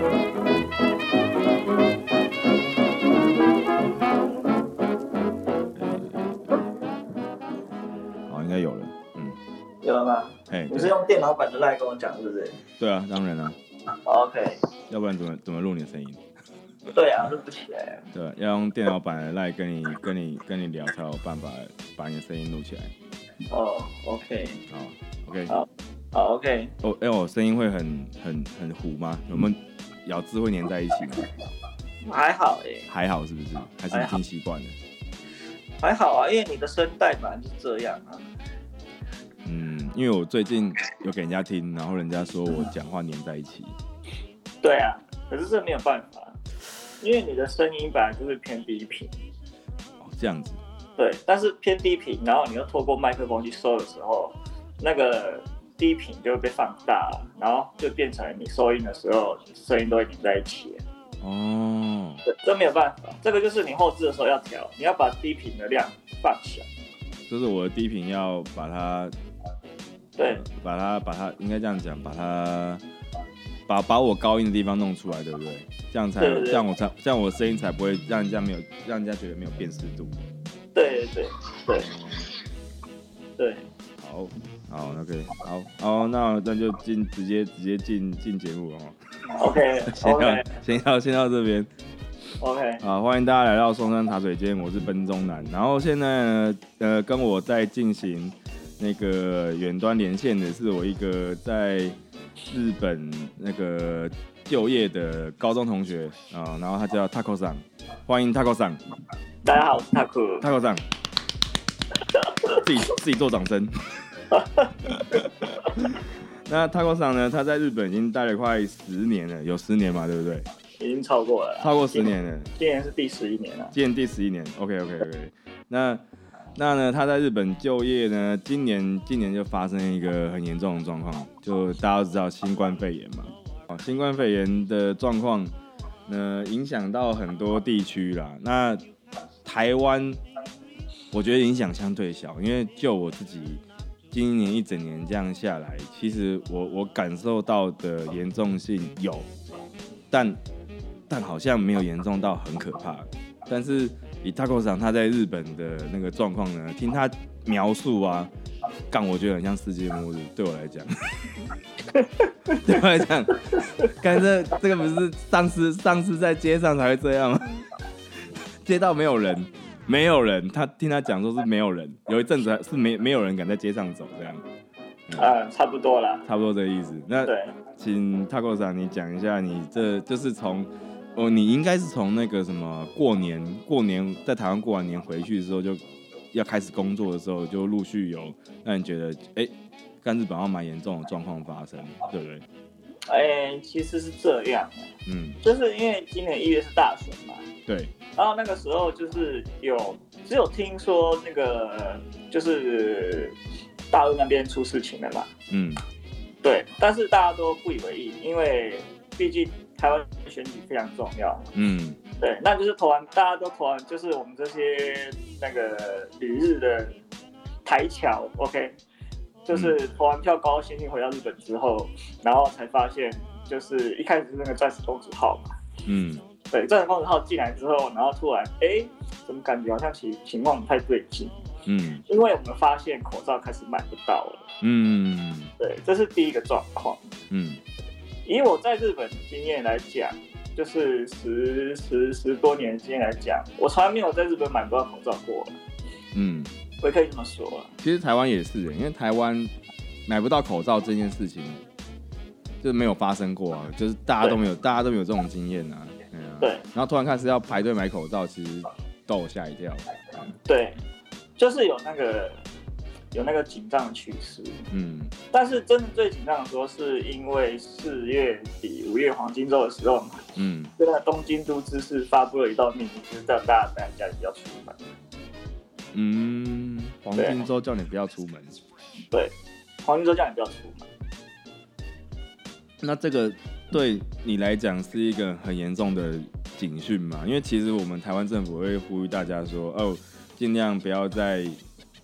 好，應該有了。嗯，有了嗎？哎、hey,，你是用電腦版的賴跟我講是不是？對啊，當然了。Oh, OK。要不然怎麼怎麼錄你的聲音？ 對啊，錄不起來、啊。對，要用電腦版的賴跟你跟你跟你聊才有辦法把你的聲音錄起來。哦、oh,，OK、oh,。好，OK、oh,。好，OK。哦，哎，我聲音會很很很糊嗎？有沒有？咬字會粘在一起嗎？還好哎、欸，還好是不是？還是挺習慣的。還好啊，因為你的聲帶本來就是這樣啊。嗯，因為我最近有給人家聽，然後人家說我講話粘在一起。對啊，可是這沒有辦法，因為你的聲音本來就是偏低頻。哦，這樣子。對，但是偏低頻，然後你又透過麥克風去收的時候，那個。低頻就會被放大了，然後就變成你收音的時候聲音都黏在一起。哦，這沒有辦法，這個就是你後製的時候要調，你要把低頻的量放小。就是我的低頻要把它，對，把它把它應該這樣講，把它把它把，它把，把我高音的地方弄出來，對不對？這樣才這樣我才這樣我的聲音才不會讓人家沒有讓人家覺得沒有辨識度。對對對對，嗯，對，好。好、oh，OK，好，那那就進，直接直接進進節目了，哦、okay, ，OK，先到先到先到這邊，OK，啊、oh，歡迎大家來到松山茶水間，我是奔中南，mm -hmm. 然後現在呢，呃，跟我在進行那個遠端連線的是我一個在日本那個就業的高中同學啊，okay. 然後他叫 TAKU 桑歡迎 TAKU 桑大家好，我是 TAKU、TAKU 桑。 自己自己做掌聲。 那 TAKU 桑呢？他在日本已經待了快十年了，有十年嘛，對不對？已經超過了，超過十年了。今年，今年是第十一年了，今年第十一年。OK OK OK。那那呢？他在日本就業呢？今年今年就發生一個很嚴重的狀況，就大家都知道新冠肺炎嘛。哦，新冠肺炎的狀況，呢，影響到很多地區啦。那台灣，我覺得影響相對小，因為就我自己。今年一整年這樣下來，其實我我感受到的嚴重性有，但但好像沒有嚴重到很可怕。但是以 TAKU 桑他在日本的那個狀況呢，聽他描述啊，幹我覺得很像世界末日。對我來講， 對我來講，才這這個不是上次上次在街上才會這樣嗎？街道沒有人。沒有人，他聽他講說是沒有人，有一陣子是沒沒有人敢在街上走這樣，嗯嗯、差不多了，差不多這個意思。那對，請 TAKU 桑，你講一下，你這就是從哦，你應該是從那個什麼過年，過年在台灣過完年回去的時候就，就要開始工作的時候，就陸續有讓你覺得哎，看日本好像蠻嚴重的狀況發生，對不對？哎、欸，其實是這樣的，嗯，就是因為今年一月是大選嘛，對。然後那個時候就是有只有聽說那個就是大陸那邊出事情了嘛，嗯，對，但是大家都不以為意，因為畢竟台灣選舉非常重要，嗯，對，那就是投完大家都投完，就是我們這些那個旅日的台僑，OK，就是投完票高高興興，回到日本之後，然後才發現就是一開始是那個鑽石公主號嘛，嗯。對，鑽石公主號進來之後，然後突然，哎、欸，怎麼感覺好像其情情況不太對勁？嗯，因為我們發現口罩開始買不到了。嗯，對，這是第一個狀況。嗯，以我在日本的經驗來講，就是十十十多年經驗來講，我從來沒有在日本買不到口罩過。嗯，我也可以這麼說、啊。其實台灣也是，因為台灣買不到口罩這件事情，就是沒有發生過啊，就是大家都沒有，大家都沒有這種經驗啊。對，然後突然開始要排隊買口罩，其實把我嚇一跳對、嗯。對，就是有那個有那個緊張的趨勢。嗯，但是真的最緊張的說，是因為四月底五月黃金周的時候，嘛。嗯，那個東京都知事發布了一道命令，就是讓大家待在家裡不要出門。嗯，黃金周叫，叫你不要出門。對，黃金周叫你不要出門。那這個。對你來講是一個很嚴重的警訊嘛？因為其實我們台灣政府會呼籲大家說，哦，盡量不要在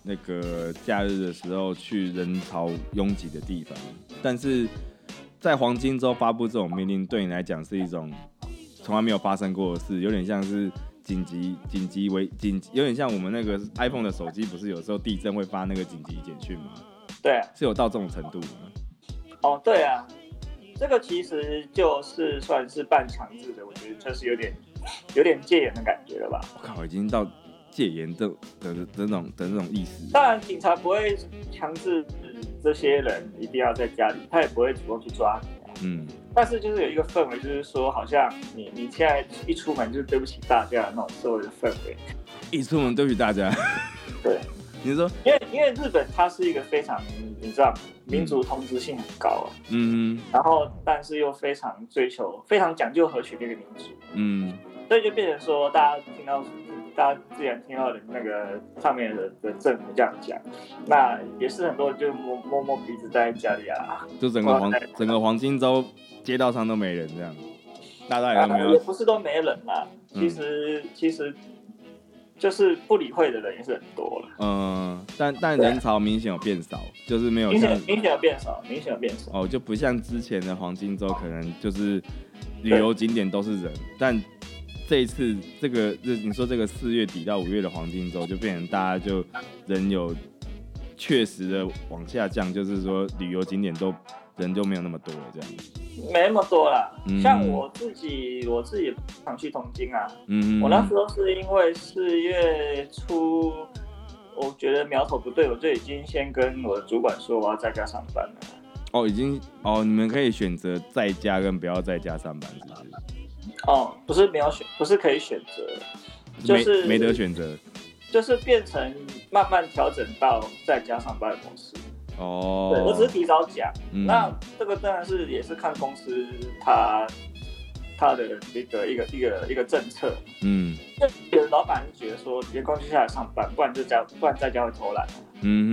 那個假日的時候去人潮擁擠的地方。但是在黃金周發布這種命令，對你來講是一種從來沒有發生過的事，有點像是緊急緊急危緊急，有點像我們那個 iPhone 的手機，不是有時候地震會發那個緊急簡訊嗎？對啊，是有到這種程度嗎？哦，對啊。這個其實就是算是半強制的，我覺得確實有點，有點戒嚴的感覺了吧？我靠，我已經到戒嚴的的的那種的那、嗯、種意思。當然，警察不會強制這些人一定要在家裡，他也不會主動去抓你、啊。嗯，但是就是有一個氛圍，就是說好像你你現在一出門就是對不起大家的那種社會的氛圍，一出門對不起大家。 對。你說，因為因為日本它是一個非常你知道，民族同質性很高啊，嗯，然後但是又非常追求非常講究合群的一個民族，嗯，所以就變成說大家聽到，大家自然聽到的那個上面的的政府這樣講，那也是很多人就摸摸摸鼻子在家裡啊，就整個黃、啊、整個黃金周街道上都沒人這樣，大家也都沒有，啊、不是都沒人了、啊，其實其實。嗯就是不理會的人也是很多了，嗯，但但人潮明顯有變少，就是沒有像明顯明顯有變少，明顯有變少哦，就不像之前的黃金周可能就是旅遊景點都是人，但這一次這個這你說，這個四月底到五月的黃金周就變成大家就人有確實的往下降，就是說旅遊景點都。人就沒有那麼多了，這樣沒那麼多了。嗯嗯像我自己，我自己不想去東京啊。嗯，嗯我那時候是因為四月初，我覺得苗頭不對，我就已經先跟我的主管說我要在家上班了。哦，已經哦，你們可以選擇在家跟不要在家上班是不是？哦，不是沒有選，不是可以選擇，就是沒，沒得選擇，就是，就是變成慢慢調整到在家上班的模式。哦、oh，對，我只是提早講，嗯，那這個當然是也是看公司他他的那個一個一個一個，一個政策，嗯，有的老闆就覺得說員工接下來上班，不然就在不然在家會偷懶，嗯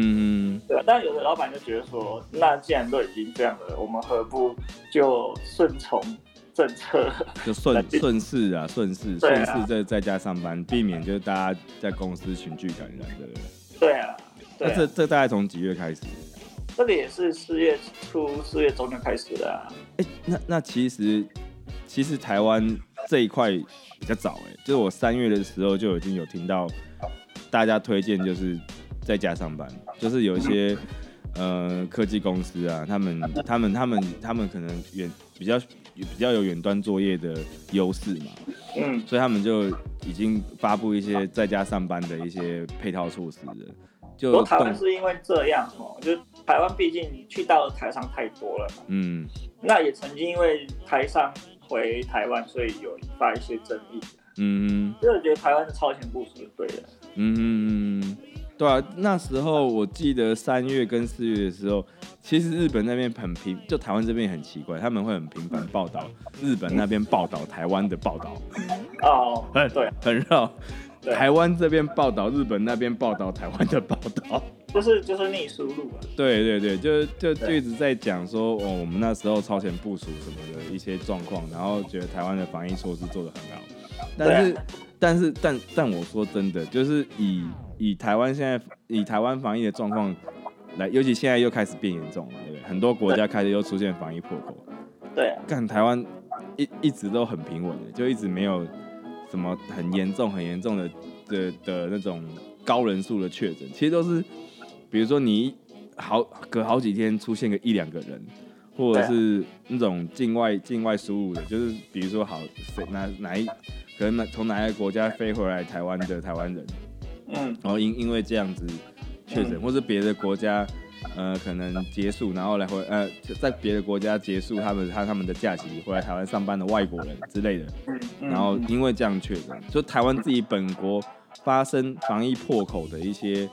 嗯嗯，但有的老闆就覺得說，那既然都已經這樣了，我們何不就順從政策，就順順勢啊順勢順勢在在家上班，避免就是大家在公司群聚感染的，對啊，對啊，那這這大概從幾月開始？這個也是四月初、四月中就開始的。啊。欸、那那其實其實台灣這一塊比較早哎、欸，就是我三月的時候就已經有聽到大家推薦，就是在家上班，就是有一些呃科技公司啊，他們、他們、他們、他們可能遠比較比較有遠端作業的優勢嘛，嗯，所以他們就已經發布一些在家上班的一些配套措施了。就他們是因為這樣哦、喔，就。台灣畢竟去到台商太多了嘛，嗯，那也曾經因為台商回台灣，所以有引發一些爭議，嗯，因為我覺得台灣是超前部署對的，嗯對啊，那時候我記得三月跟四月的時候，其實日本那邊很頻，就台灣這邊很奇怪，他們會很頻繁報道日本那邊報道台灣的報道，哦、嗯， oh, 對，很繞。台灣這邊報道，日本那邊報道，台灣的報道，就是就是逆輸入啊。對對對，就就就一直在講說，哦，我們那時候超前部署什麼的一些狀況，然後覺得台灣的防疫措施做得很好。但是、啊、但是但但我說真的，就是以以台灣現在以台灣防疫的狀況，來，尤其現在又開始變嚴重了，對不對？很多國家開始又出現防疫破口。對，但台灣一一直都很平穩的，就一直沒有。什麼很嚴重、很嚴重的的的那種高人數的確診，其實都是，比如說你好隔好幾天出現個一兩個人，或者是那種境外境外輸入的，就是比如說好哪哪一可能從哪一個國家飛回來台灣的台灣人，嗯，然後因因為這樣子確診，嗯、或是別的國家。呃，可能結束，然後來回呃，在別的國家結束他們他他們的假期，回來台灣上班的外國人之類的。然後因為這樣確診，就台灣自己本國發生防疫破口的一些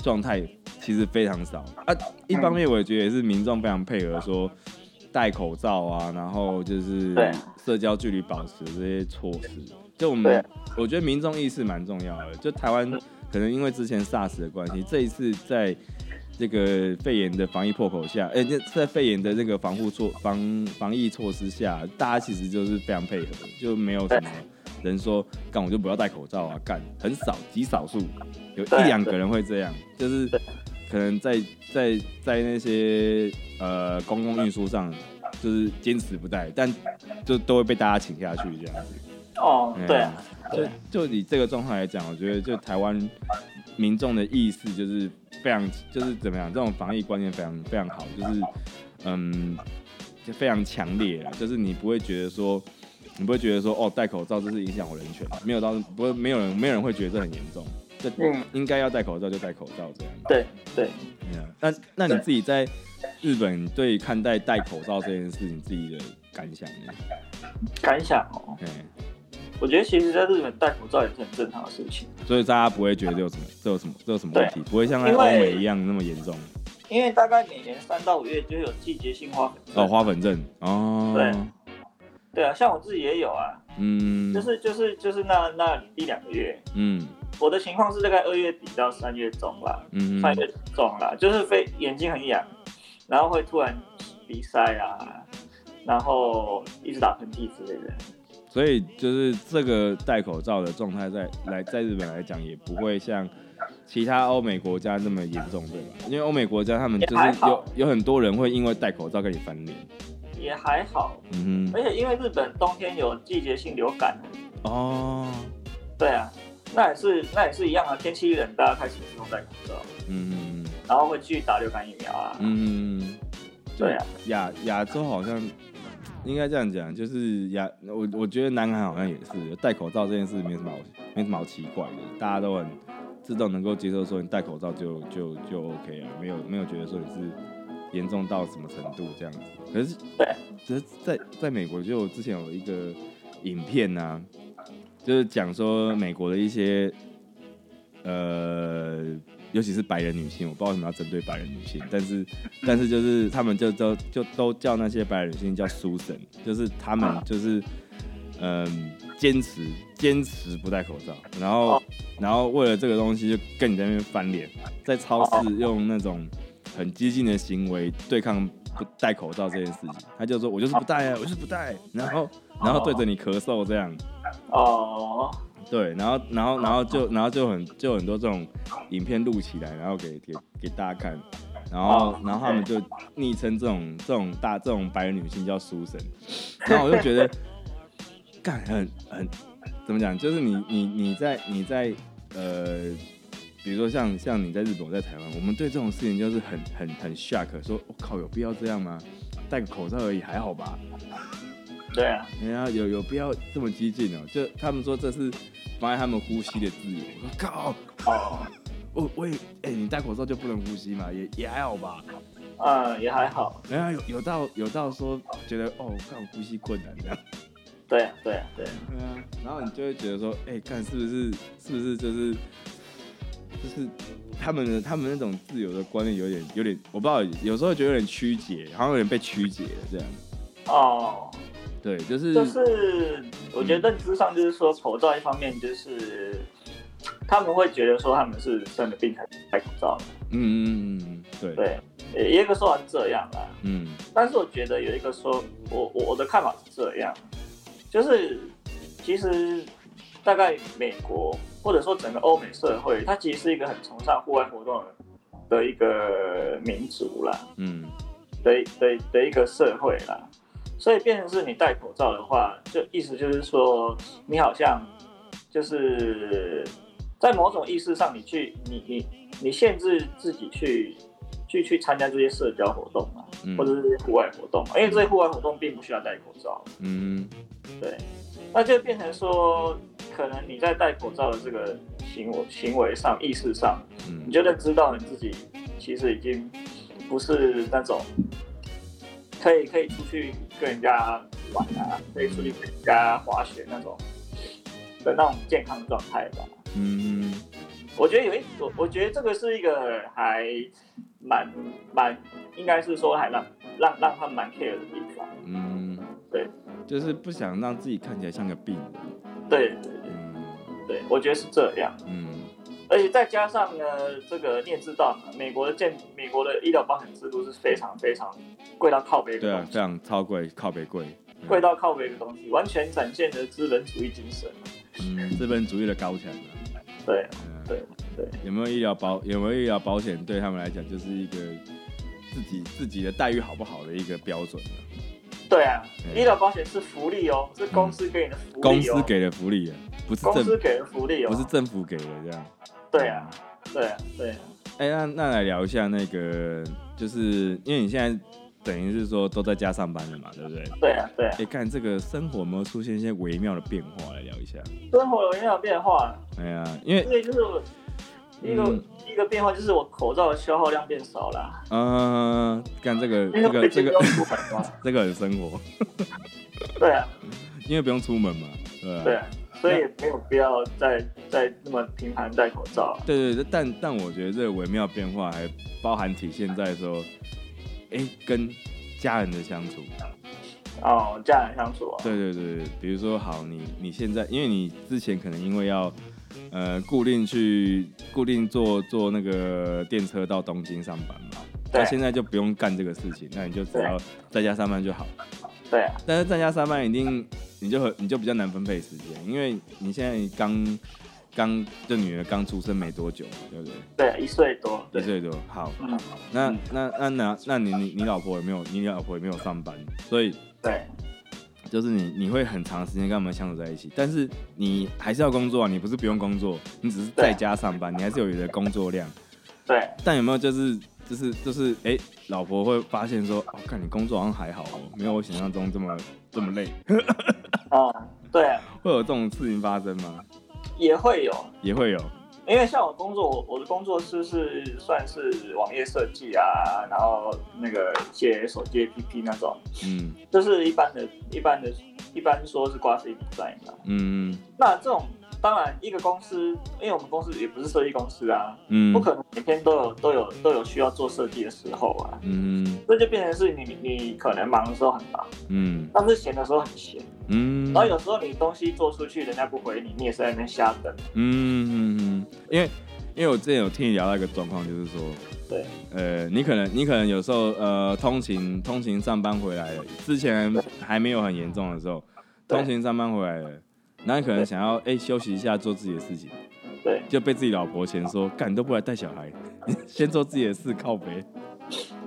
狀態，其實非常少。啊，一方面我也覺得也是民眾非常配合，說戴口罩啊，然後就是對社交距離保持這些措施。就我們，我覺得民眾意識蠻重要的。就台灣。可能因為之前 SARS 的關係，這一次在這個肺炎的防疫破口下，哎、欸，在肺炎的這個防護措防防疫措施下，大家其實就是非常配合，就沒有什麼人說幹我就不要戴口罩啊，干很少極少數有一兩個人會這樣，就是可能在在在、在那些呃公共運輸上就是堅持不戴，但就都會被大家請下去這樣子。哦、嗯，對。就就以這個狀況來講，我覺得就台灣民眾的意思就是非常就是怎麼樣，這種防疫觀念非常非常好，就是嗯就非常強烈啦，就是你不會覺得說你不會覺得說哦、喔，戴口罩這是影響我人權，沒有到不會沒有人沒有人會覺得這很嚴重，這應該要戴口罩就戴口罩這樣。對對，yeah. 那那你自己在日本對看待戴口罩這件事情你自己的感想呢？感想哦，對，okay. 我覺得其實，在日本戴口罩也是很正常的事情，所以大家不會覺得有什麼、嗯、這有什麼、這有什麼問題，不會像在歐美一樣那麼嚴重，因。因為大概每年三到五月就會有季節性花粉症、啊、哦，花粉症哦，對，對啊，像我自己也有啊，嗯，就是就是就是那那一兩個月，嗯，我的情況是大概二月底到三月中吧。嗯，嗯，三月中啦，就是非眼睛很癢，然後會突然鼻塞啊，然後一直打噴嚏之類的。所以就是這個戴口罩的狀態，在來在日本來講，也不會像其他歐美國家那麼嚴重，對吧？因為歐美國家他們就是有有，有很多人會因為戴口罩跟你翻臉，也還好，嗯，而且因為日本冬天有季節性流感，哦，對啊，那也是那也是一樣啊，天氣冷大，大家開始自動戴口罩，嗯，嗯，然後會去打流感疫苗啊，嗯，對啊，亞亞洲好像。應該這樣講，就是呀，我我覺得南韓，好像也是戴口罩這件事沒什麼好，沒什麼好奇怪的，大家都很自動能夠接受說你戴口罩就就就 OK 了，啊，沒有沒有覺得說你是嚴重到什麼程度這樣子。可是，可是在在美國就之前有一個影片啊，就是講說美國的一些呃。尤其是白人女性，我不知道為什麼要針對白人女性，但是，但是就是他們就都就都叫那些白人女性叫 Susan，就是他們就是嗯堅持、呃、堅持不戴口罩，然後然後為了這個東西就跟你在那邊翻臉，在超市用那種很激進的行為對抗不戴口罩這件事情，他就說我就是不戴啊，我就是不戴，然後然後對着你咳嗽這樣。哦。對，然後，然後，然後就，然後就很，就很多這種影片錄起來，然後給給給大家看，然後，然後他們就昵稱這種這種大這種白人女性叫“書神”，然後我就覺得， 幹，很很怎麼講，就是你你你在你在呃，比如說像像你在日本，在台灣，我們對這種事情就是很很很 shock，說，我、哦、靠，有必要這樣嗎？戴個口罩而已，還好吧。對啊，哎呀、啊，有有必要這麼激進哦、喔？就他們說這是妨礙他們呼吸的自由。呃、我靠，哦，我我哎、欸，你戴口罩就不能呼吸嘛？也也還好吧？啊、呃，也還好。沒、啊、有有有到有到說覺得哦，哦，靠，呼吸困難這樣。對啊，對啊，對啊。對啊，對啊，然後你就會覺得說，哎、欸，看是不是是不是就是就是他們的他們那種自由的觀念有點有點，我不知道，有時候覺得有點曲解，好像有點被曲解了這樣。哦。對，就是就是，我覺得認知上就是說，口罩一方面就是，他們會覺得說他們是生了病才戴口罩。嗯嗯，對、嗯、對，也有個說法是這樣啦，嗯，但是我覺得有一個說，我我的看法是這樣，就是其實大概美國或者說整個歐美社會，它其實是一個很崇尚戶外活動的一個民族啦。嗯，的對對，一個社會啦。所以變成是你戴口罩的話，就意思就是說，你好像就是在某種意識上你，你去你你你限制自己去去去參加這些社交活動嘛，嗯、或者是戶外活動嘛，因為這些戶外活動並不需要戴口罩。嗯，嗯，對，那就變成說，可能你在戴口罩的這個行為行為上意識上，嗯、你就能知道你自己其實已經不是那種。可以可以出去跟人家玩啊，可以出去跟人家滑雪那種，的那種健康的狀態吧。嗯，我覺得有一我我覺得這個是一個還蠻蠻應該是說還讓讓讓他蠻 care 的地方。嗯，對，就是不想讓自己看起來像個病。對對對，嗯，對我覺得是這樣。嗯。而且再加上呢，這個你也知道嘛，美國的健，美國的醫療保險制度是非常非常貴到靠北的，對啊，非常超貴，靠北貴，啊、貴到靠北的東西，完全展現了資本主義精神，嗯，資本主義的高強對、啊，對、啊對，啊對啊，對。有沒有醫療保，有沒有醫療保險，對他們來講，就是一個自己自己的待遇好不好的一個標準啊對，啊對啊，醫療保險是福利哦，是公司給你的福利、哦嗯、公司給的福利、啊，不是公司給的福利哦、啊，不是政府給的這樣。對啊，對啊，對啊。哎、欸，那那來聊一下那個，就是因為你現在等於是說都在家上班了嘛，對不對？對啊，對啊。你看、啊欸、這個生活有沒有出現一些微妙的變化，來聊一下。生活有微妙的變化、啊。哎呀、啊，因為這個就是我、嗯，一個一個變化就是我口罩的消耗量變少、呃這個、了。嗯，看這個這個這個，這個很生活。 對、啊。因為不用出門嘛，對、啊。對、啊。所以也沒有必要再再那麼頻繁戴口罩、啊。對，對對，但但我覺得這個微妙變化還包含體現在說、欸，跟家人的相處。哦，家人相處、哦。對對對，比如說好，你你現在因為你之前可能因為要呃固定去固定坐坐那個電車到東京上班嘛，那、啊、現在就不用幹這個事情，那你就只要在家上班就好。對、啊，但是在家上班一定你就很，你就比較難分配時間，因為你現在剛，剛就女兒剛出生沒多久，對不對？對、啊，一歲多，一歲多好、嗯。好，那、嗯、那那那那你你老婆有沒有？你老婆有沒有上班？所以對，就是你你會很長時間跟他們相處在一起，但是你還是要工作、啊，你不是不用工作，你只是在家上班，你還是有你的工作量。對，但有沒有就是？就是就是，哎、就是，老婆會發現說，我、哦、看你工作好像還好哦，沒有我想象中這麼這麼累。哦、 嗯，對，會有這種事情發生嗎？也會有，也會有，因為像我工作我，我的工作室是算是網頁設計啊，然後那個寫手機 APP 那種，嗯，就是一般的、一般的、一般，一般說是掛 CP 賺一，算一嗯，那這種。當然，一個公司，因為我們公司也不是設計公司啊，嗯，不可能每天都有都有都有需要做設計的時候啊，嗯，這就變成是你你，你可能忙的時候很忙，嗯，但是閒的時候很閒，嗯，然後有時候你東西做出去，人家不回你，你也是在那邊瞎等，嗯嗯嗯，因為因為我之前有聽你聊到一個狀況，就是說，對，呃，你可能你可能有時候呃通勤通勤上班回來了之前還，還沒有很嚴重的時候，通勤上班回來了。那你可能想要哎、欸、休息一下做自己的事情，對，就被自己老婆先說，幹都不來帶小孩，先做自己的事靠北。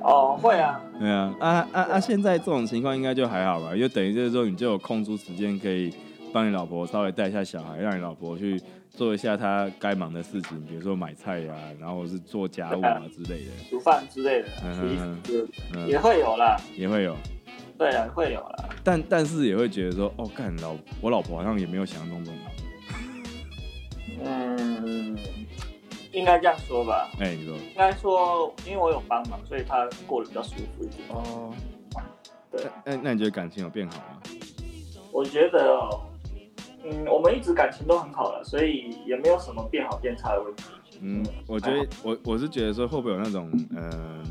哦，會啊。 對啊，啊啊啊！現在這種情況應該就還好吧？就等於就是說，你就有空出時間可以幫你老婆稍微帶一下小孩，讓你老婆去做一下她該忙的事情，比如說買菜呀、啊，然後是做家務啊之類的。啊、煮飯之類的。嗯，呵呵嗯也會有啦。也會有。對啊，會有啦。但但是也會覺得說，哦，看老我老婆好像也沒有想像中那麼，嗯，應該這樣說吧。哎、欸，你說應該說，因為我有幫忙，所以他過得比較舒服一點。哦，對。那、啊、那你覺得感情有變好嗎？我覺得，嗯，我們一直感情都很好了，所以也沒有什麼變好變差的問題。嗯，我覺得我我是覺得說會不會有那種，嗯、呃，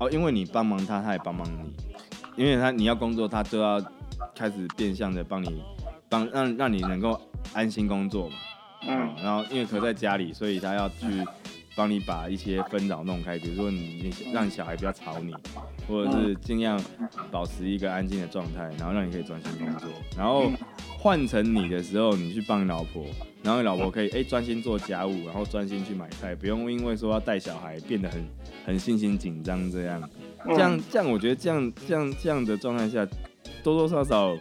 哦，因為你幫忙他，他也幫忙你。因為他你要工作，他就要開始變相的幫你，幫讓讓你能夠安心工作嘛，嗯。嗯，然後因為可在家裡，所以他要去。嗯幫你把一些紛擾弄開，比如說你讓小孩不要吵你，或者是盡量保持一個安靜的狀態，然後讓你可以專心工作。然後換成你的時候，你去幫你老婆，然後你老婆可以哎專心做家務，然後專心去買菜，不用因為說要帶小孩變得很很心情緊張這樣。這樣這樣，我覺得這樣這樣這樣的狀態下，多多少少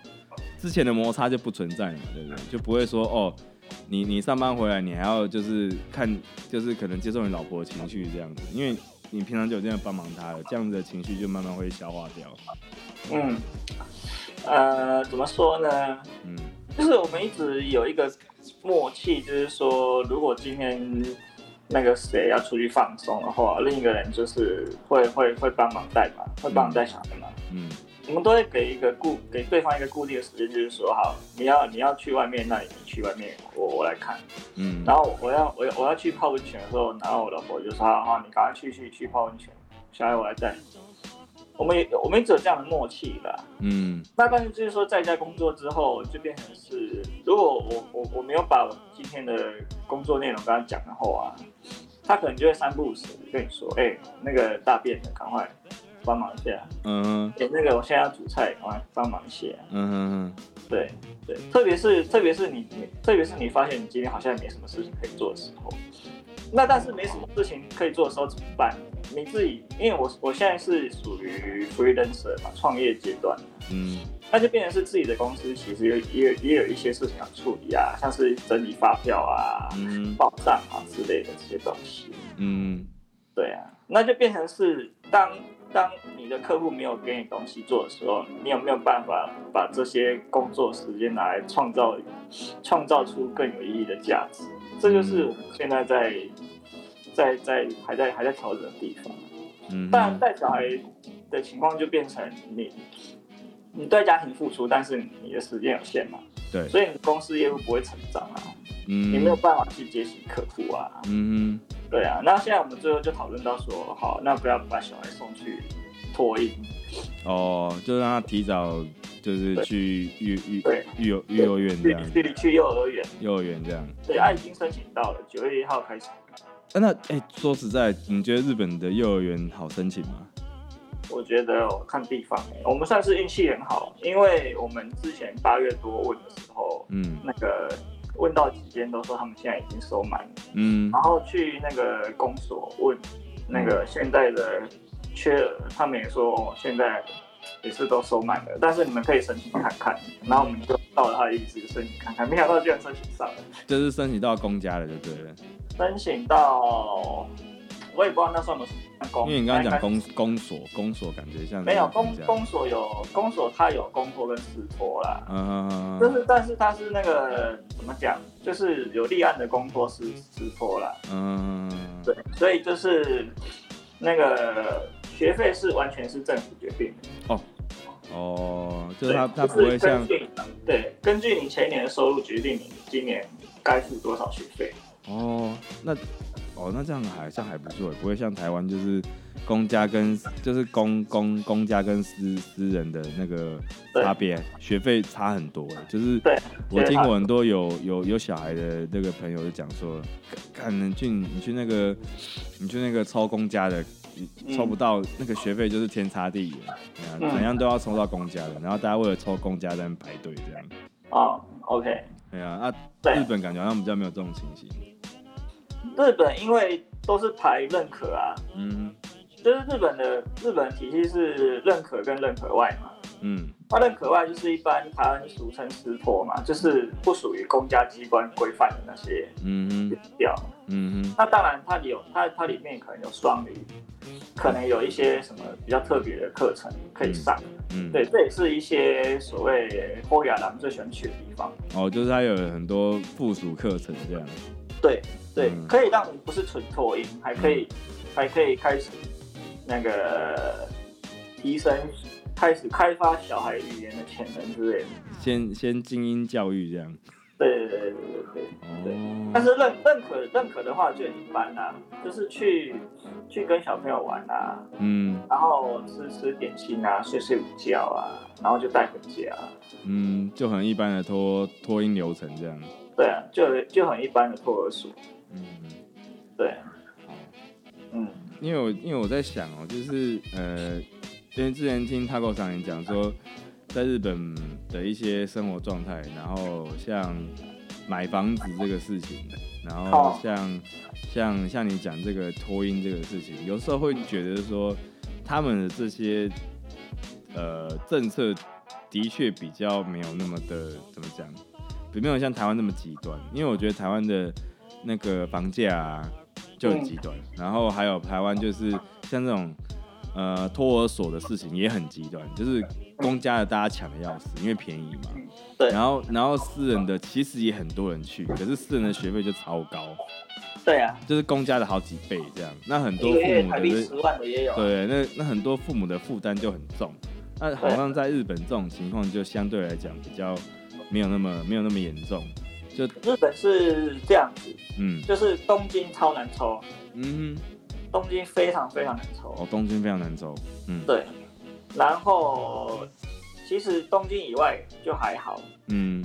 之前的摩擦就不存在嘛，對不對？就不會說哦。你你上班回來，你還要就是看，就是可能接受你老婆的情緒這樣子，因為你平常就有這樣幫忙她，這樣子的情緒就慢慢會消化掉嗯。嗯，呃，怎麼說呢？嗯，就是我們一直有一個默契，就是說，如果今天那個誰要出去放鬆的話，另一個人就是會會會幫忙帶嘛，會幫忙帶小孩嘛。嗯。嗯我們都會給一個固給對方一個固定的時間，就是說好，你要你要去外面那，那你去外面，我我來看。嗯，然後我要我我要去泡溫泉的時候，然後我老婆就說：‘好，你趕快去去去泡溫泉，小孩我來帶你，我們也我們只有這樣的默契吧。嗯，那但是就是說在家工作之後，就變成是，如果我我我沒有把我今天的工作內容跟他講的話，他可能就會三不五時跟你說，哎、欸，那個大便了，趕快。幫忙一下，嗯，哎，那個我現在要煮菜，我來幫忙一下，嗯、uh、嗯 -huh. 對對，特別是特別是你，特別是你發現你今天好像沒什麼事情可以做的時候，那但是沒什麼事情可以做的時候怎麼辦？你自己，因為我我現在是屬於 freelancer 嘛，創業階段的嗯，uh -huh. 那就變成是自己的公司，其實也有也也有一些事情要處理啊，像是整理發票啊、uh -huh. 報賬啊之類的這些東西，嗯、uh -huh.，對啊，那就變成是當。當你的客戶沒有給你東西做的時候，你有沒有辦法把這些工作時間拿來創造，創造出更有意義的價值？這就是我們現在在在在，在還在還在調整的地方。嗯，但帶小孩的情況就變成你你對家庭付出，但是你的時間有限嘛，對，所以你的公司業務不會成長啊。你、嗯、沒有辦法去接觸客戶啊。嗯對啊。那現在我們最後就討論到說，好，那不要把小孩送去托嬰。哦，就讓他提早，就是去育對育育育，育幼兒園這，這樣。對，去幼兒園，幼兒園這樣。對，他已經申請到了，九月一號開始。哎、啊，那哎、欸，說實在，你覺得日本的幼兒園好申請嗎？我覺得看地方、欸，我們算是運氣很好，因為我們之前八月多問的時候，嗯，那個。問到幾間都說他們現在已經收滿了，嗯，然後去那個公所問那個現在的缺額，他們也說現在也是都收滿了，但是你們可以申請看看，然後我們就到了他的意思，申請看看，沒想到居然申請上了，就是申請到公家了就對了，申請到。我也不知道那算不算公，因為你剛剛講公所公，公所，公所感覺像沒有公公所有公所，它有公托跟私托啦，嗯，就是但是它是那個怎麼講，就是有立案的公托是私托啦，嗯，對，所以就是那個學費是完全是政府決定的哦，哦，就是它它不會像、就是、根對根據你前一年的收入決定你今年該付多少學費哦，那。哦，那這樣好像還不錯，不會像台灣就是公家跟就是公公公家跟私私人的那個差別，學費差很多。就是我聽過很多有有有小孩的那個朋友就講說，看去你去那個你去那個抽公家的，抽不到那個學費就是天差地遠，嗯，怎樣都要抽到公家的，然後大家為了抽公家在那排隊這樣。哦，OK。對啊，那，啊，日本感覺好像比較沒有這種情形。日本因為都是排認可啊，嗯，就是日本的日本體系是認可跟認可外嘛，嗯，他、啊、認可外就是一般台灣俗稱私托嘛，就是不屬於公家機關規範的那些，嗯嗯，嗯，那當然它有它它裡面可能有雙語，可能有一些什麼比較特別的課程可以上。嗯，嗯，對，這也是一些所謂富家男最喜歡去的地方，哦，就是它有很多附屬課程這樣，對。對、嗯，可以讓你不是純托音，還可以，還可以開始那個提升，醫生開始開發小孩語言的潛能之類的。先先精英教育這樣。對對對對、嗯、對，但是認認可認可的話就一般啦、啊，就是去去跟小朋友玩啊，嗯，然後吃吃點心啊，睡睡午覺啊，然後就帶回家、啊。嗯，就很一般的托托音流程這樣。對啊，就就很一般的托兒所。嗯，對，嗯，因為我因為我在想喔，就是呃，因為之前聽 TAKU 桑講說，在日本的一些生活狀態，然後像買房子這個事情，然後像像像你講這個拖音這個事情，有時候會覺得說他們的這些呃政策的確比較沒有那麼的怎麼講，比沒有像台灣那麼極端，因為我覺得台灣的。那個房價啊就很極端，嗯，然後還有台灣就是像這種呃托兒所的事情也很極端，就是公家的大家搶的要死，因為便宜嘛。對、嗯。然後然後私人的其實也很多人去，可是私人的學費就超高。對啊。就是公家的好幾倍這樣，那很多父母的，因為因為台幣十萬的也有，對，那那很多父母的負擔就很重。那好像在日本這種情況就相對來講比較沒有那麼沒有那麼嚴重。就日本是這樣子，嗯，就是東京超難抽，嗯，東京非常非常難抽，哦，東京非常難抽，嗯，對，然後其實東京以外就還好，嗯，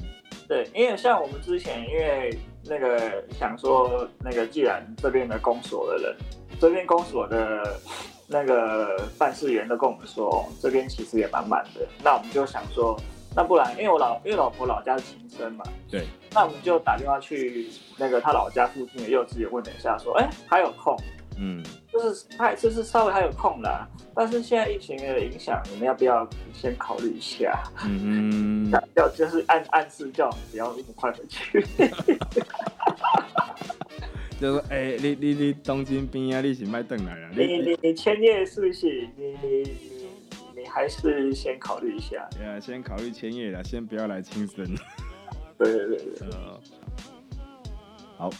對，因為像我們之前，因為那個想說，那個既然這邊的公所的人，這邊公所的那個辦事員都跟我們說，這邊其實也蠻滿的，那我們就想說。那不然，因為我老，因為老婆老家是青森嘛。對。那我們就打電話去那個他老家附近的幼稚園問了一下，說，哎、欸，還有空，嗯，就是他，就是稍微還有空啦。但是現在疫情的影響，你們要不要先考慮一下？嗯要 就，就是暗暗示叫我們不要那麼快回去。 就是哎、欸，你你你，你東京邊啊？你是賣鄧來啊？你你你，你，你千葉是不是？你。你還是先考慮一下。Yeah, 先考慮簽約。先不要來輕生。對對對、對、uh, 好。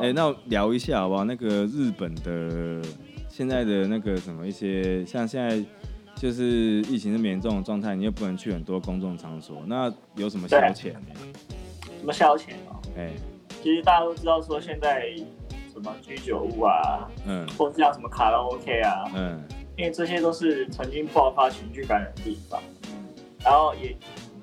哎、欸，那我聊一下好不好？那個日本的現在的那個什麼一些，像現在就是疫情這麼嚴重的狀態，你又不能去很多公眾場所，那有什麼消遣？什麼消遣、喔？哎、欸，其實大家都知道，說現在什麼居酒,酒屋啊，嗯，或者叫什麼卡拉 OK 啊，嗯。因為這些都是曾經爆發群聚感染的地方，然後也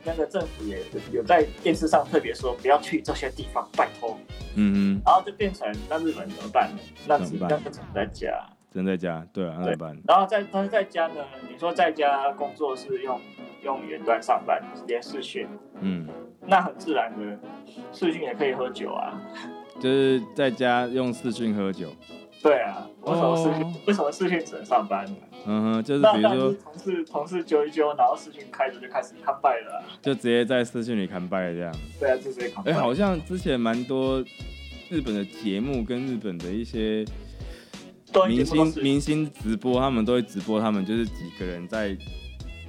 那個政府也有在電視上特別說不要去這些地方，拜託，嗯嗯，然後就變成那日本怎麼辦呢？那只能只能在家，真在家，對啊，對怎麼辦？然後在他在家呢，你說在家工作是用用遠端上班，連視訊，嗯，那很自然的視訊也可以喝酒啊，就是在家用視訊喝酒。對啊，為什麼視訊、oh. 為什麼視訊只能上班呢？嗯哼，就是比如說同事同事揪一揪，然後視訊開着就開始看拜了，啊，就直接在視訊裡看拜了，這樣。對啊，就直接 k 哎，欸，好像之前蠻多日本的節目跟日本的一些明星明星直播，他們都會直播，他們就是幾個人在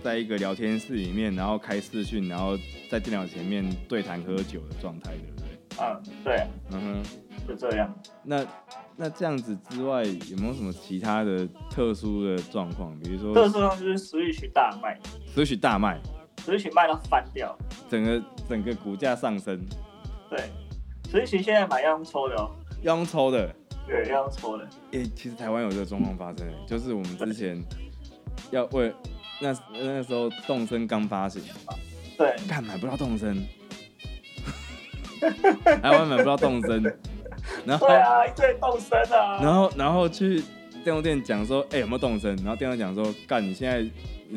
在一個聊天室裡面，然後開視訊，然後在電腦前面對談喝酒的狀態，對不對？嗯，對，啊。嗯哼，就這樣。那。那這樣子之外，有沒有什麼其他的特殊的狀況？比如說，特殊狀況就是 Switch 大賣，Switch 大賣，Switch 賣到翻掉，整個整個股價上升。對，Switch 現在買要用抽的哦，要用抽的，對，要用抽的。誒，其實台灣有這個狀況發生、嗯，就是我們之前要為那那時候動森剛發行，對，台灣買不到動森 台灣買不到動森 然後對啊，一對動森啊。然後然後去電動店講說，哎、欸，有沒有動森？然後店長講說，幹，你現在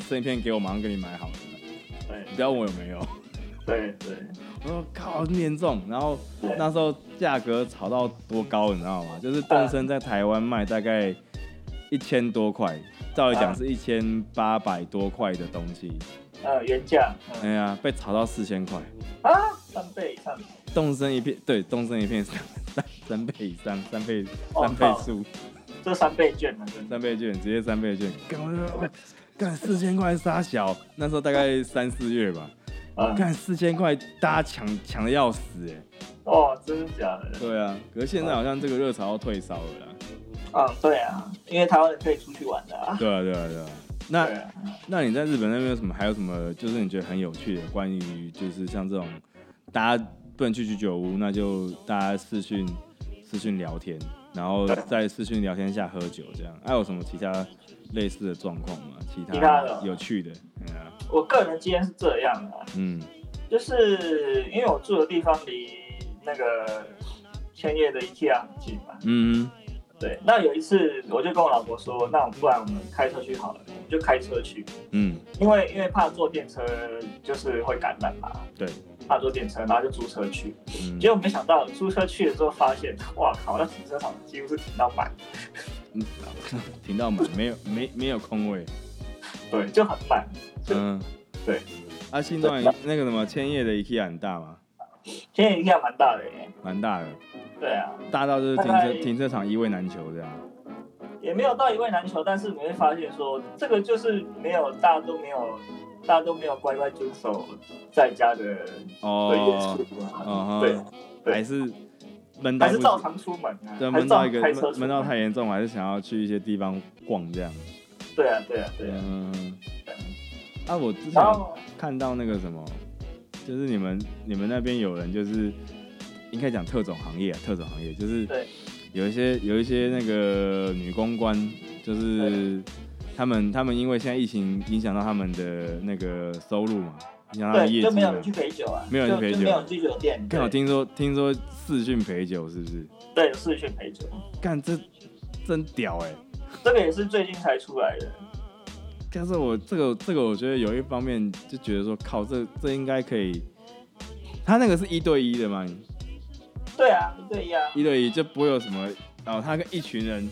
剩一片給我，馬上給你買好了。哎，你不要問我有沒有。對對。我說靠，很嚴重。然後那時候價格炒到多高，你知道嗎？就是動森在台灣賣大概一千多塊，照理講是一千八百多塊的東西。呃，原價。哎、嗯、呀、啊，被炒到四千塊。啊，三倍，三倍。動身一片，對，動身一片三、三倍以上、三倍、oh, 三倍數，這三倍券嘛，三倍券直接三倍券，幹四千塊殺小，那時候大概三四月吧，幹、嗯、四千塊大家搶搶的要死、欸，哎，哦，真的假的？對啊，可是現在好像這個熱潮要退燒了啦，嗯，對啊，因為他會可以出去玩的啊，對啊，對啊，對啊，對啊那對啊那,那你在日本那邊有什麼還有什麼，就是你覺得很有趣的關於就是像這種大家。不能去居酒屋，那就大家視訊視訊聊天，然後在視訊聊天下喝酒，這樣。還、啊、有什麼其他類似的狀況嗎？其他的有趣的？的啊、我個人經驗是這樣的、啊，嗯，就是因為我住的地方離那個千葉的 IKEA 很近嘛，嗯，嗯，對。那有一次我就跟我老婆說，那不然我們開車去好了，我們就開車去，嗯，因為因為怕坐電車就是會感染嘛，對。他坐電車，然後就租車去，結果沒想到租車去了之後，發現，哇靠！那停車場幾乎是停到滿，停到滿，沒有沒沒有空位。 對，就很滿。嗯，對。阿新導那個什麼千葉的 IKEA 很大嗎？千葉 IKEA 蠻大的，耶，蠻大的。對啊。大到就是停車停車場一位難求這樣。也沒有到一位難求，但是你會發現說，這個就是沒有，大家都沒有，大家都沒有乖乖遵守在家的,哦,的哦,哦，對，還是悶到還是照常出門、啊、對，悶到一個悶到太嚴重，還是想要去一些地方逛這樣。對啊，對啊，對啊。對啊,嗯、對啊,啊，我之前看到那個什麼，就是你們你們那邊有人就是應該講特種行業，特種行業就是對。有一些有一些那個女公關，就是他們他們因為現在疫情影響到他們的那個收入嘛，然後就沒有人去陪酒啊，沒有去陪酒沒有去酒店。剛好聽說聽說視訊陪酒是不是？對，視訊陪酒，幹這真屌哎、欸！這個也是最近才出來的，但是我這個這個我覺得有一方面就覺得說靠這，這這應該可以。他那個是一對一的嗎？對啊，一對一啊，一對一就不會有什麼，然、哦、後他跟一群人，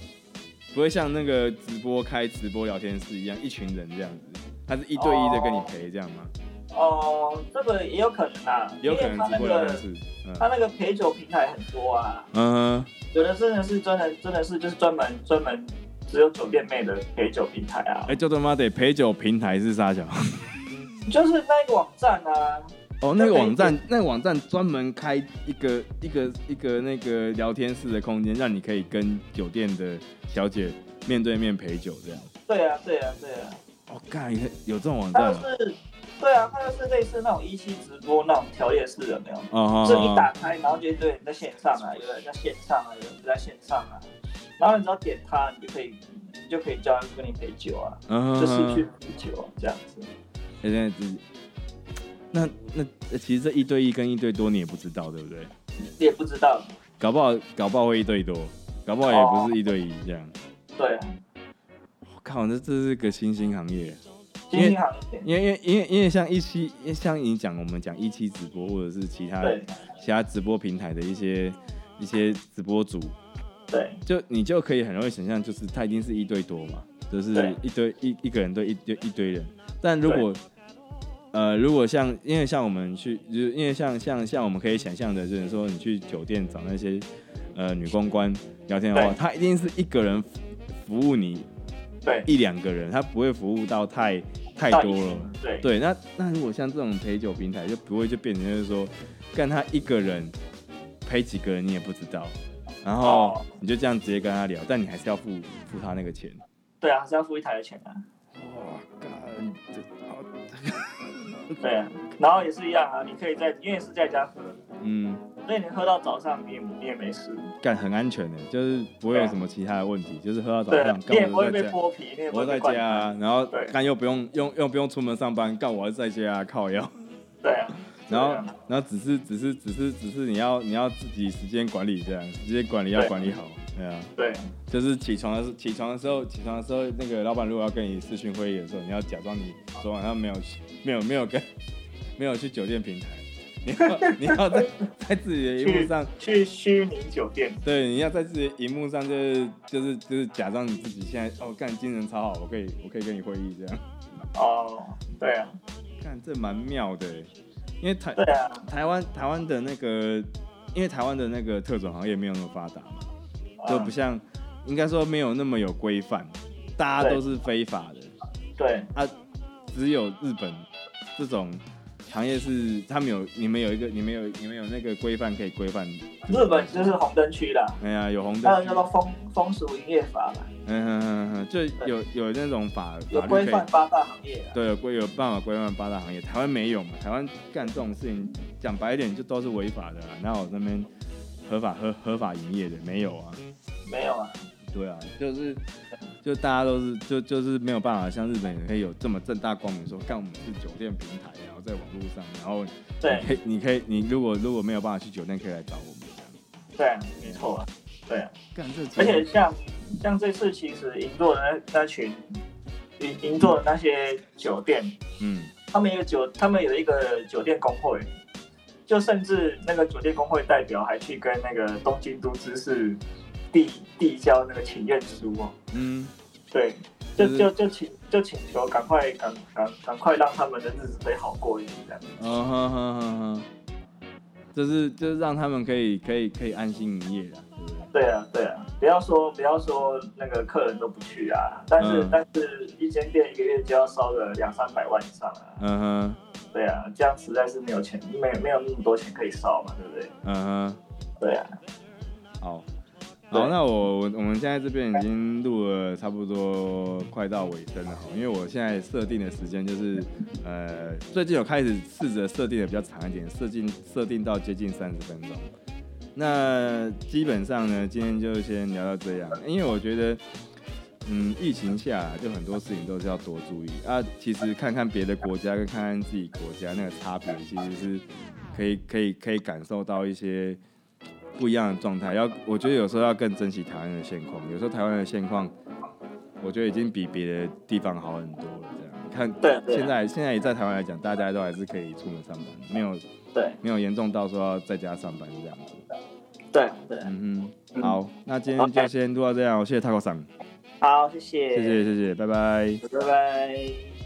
不會像那個直播開直播聊天室一樣，一群人這樣子，他是一對一的跟你陪這樣嗎？哦，哦，這個也有可能啊，也有可能直播聊天室，因為他、那個嗯、他那個陪酒平台很多啊，嗯、uh -huh，有的真的是專門，真的是就是專門專門只有酒店妹的陪酒平台啊，哎、欸，叫他媽得陪酒平台是啥小 就是那個網站啊。哦，那個網站，那、那個網站專門開一個一個一個那個聊天室的空間，讓你可以跟酒店的小姐面對面陪酒這樣。對啊，對啊，對啊。哦，靠，有這種網站？就是對啊，它就是類似那種17直播那種調夜市有沒有？這、oh, 一打開，然後就、啊、有人在線上啊，有人在線上啊，有人在線上啊，然後你只要點它，你就可以你就可以叫他跟你陪酒啊，嗯、oh,，就是去陪酒啊這樣子。現在自己。那那其實這一對一跟一對多你也不知道對不對？你也不知道，搞不好搞不好會一對多，搞不好也不是一對一這樣。哦、對，我、哦、靠，這這是個新興行業。新興行業，因為因為因為因為，E7, 因為像17，像你講我們講17直播或者是其他其他直播平台的一些一些直播主，對，就你就可以很容易想象，就是他已經是一對多嘛，就是一堆一一個人對一堆一堆人，但如果呃，如果像，因為像我們去，就因為像像像我們可以想象的，就是說你去酒店找那些，呃，女公關聊天的話，她一定是一個人服，服務你，對，一兩個人，她不會服務到太太多了，對，對。那那如果像這種陪酒平台，就不會就變成就是說跟他一個人陪幾個人你也不知道，然後你就這樣直接跟他聊，但你還是要付付他那個錢，對啊，還是要付一台的錢啊。哇，幹 對、啊，然後也是一樣啊，你可以在，因為是在家喝，嗯，所以你喝到早上你也，你你也沒事，幹，很安全的、欸，就是不會有什麼其他的問題，啊、就是喝到早上，啊、你也不會被剝皮，我在家、啊你也不會，然後幹又不用用又不用出門上班，幹我是在家、啊、靠腰，對、啊，對啊、 然後然後只是只是只是只是你要你要自己時間管理這樣，時間管理要管理好。 Yeah, 對啊，對，嗯，就是起床的時，起床的時候，起床的時候，那個老闆如果要跟你視訊會議的時候，你要假裝你昨晚上沒有，啊，沒有，沒有跟，沒有去酒店平台， 你要你要在在自己的熒幕上去虛擬酒店，對，你要在自己的熒幕上，就是，就是就是就是假裝你自己現在哦，幹精神超好，我可以我可以跟你會議這樣。哦，對啊，看這蠻妙的，因為台對，啊、台灣台灣的那個，因為台灣的那個特種行業沒有那麼發達嘛。就不像，嗯、應該說沒有那麼有規範，大家都是非法的。對啊對，只有日本這種行業是他們有，你們有一個，你們有，你們有那個規範可以規範。日本就是紅燈區的。對啊、啊，有紅燈區，它叫做風、風俗營業法。嗯哼哼哼就有有那種法，法律有規範八大行業。對，規有辦法規範八大行業。台灣沒有嘛？台灣幹這種事情，講白一點就都是違法的。然後我那邊。合法合合法營業的沒有啊，沒有啊，對啊，就是就大家都是就就是沒有辦法像日本人可以有這麼正大光明說，幹我們是酒店平台，然後在網絡上，然後對，你可以你可以，你，可以你如果如果沒有辦法去酒店，可以來找我們這樣，對啊對，沒錯啊，對啊，啊對啊，而且像像這次其實銀座的那，那群銀座的那些酒店，嗯，他們有酒他們有一個酒店工會。就甚至那個酒店工會代表還去跟那個東京都知事遞遞交那個請願書哦，嗯，對，就這就就請就請求趕快趕趕趕快讓他們的日子可以好過一點，這樣，嗯哼哼哼哼，就是就是讓他們可以可以可以安心營業的，對對啊對啊，不要說不要說那個客人都不去啊，但是、uh -huh. 但是一間店一個月就要燒個兩三百萬以上啊，嗯哼。對啊，這樣實在是沒有錢，沒有沒有那麼多錢可以燒嘛，對不對？嗯哼，對啊。好，好，那我我我們現在這邊已經錄了差不多快到尾聲了哈，因為我現在設定的時間就是，呃，最近有開始試着設定的比較長一點，設定設定到接近三十分鐘。那基本上呢，今天就先聊到這樣，因為我覺得。嗯，疫情下就很多事情都是要多注意啊。其實看看別的國家跟看看自己國家那個差別，其實是可以可以可以感受到一些不一樣的狀態。要我覺得有時候要更珍惜台灣的現況，有時候台灣的現況，我覺得已經比別的地方好很多了。這樣看現，對對，現在現在也在台灣來講，大家都還是可以出門上班，沒有對，沒有嚴重到說要在家上班，是這樣子。對對，嗯哼嗯，好嗯，那今天就先錄到這樣，我謝謝 TAKU 桑。好，謝謝，謝謝，謝謝，拜拜，拜拜。